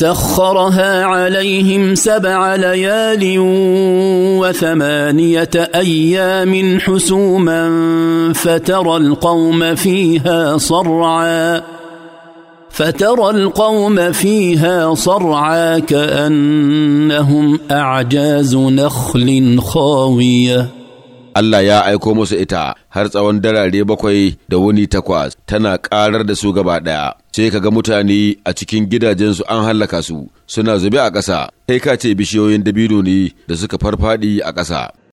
سخرها عليهم سبع ليال وثمانيه ايام حسوما فترى القوم فيها صرعا فترى القوم فيها صرعا كانهم اعجاز نخل خاويه Allah ya aiko musu ita har tsawon darare bakwai da wuni takwas tana ƙarar da su gaba ɗaya. Sai ka ga mutane a cikin gidajensu an hallaka su suna zube a ƙasa, kai ka ce bishiyoyin dabino ne da suka farfaɗi a ƙasa.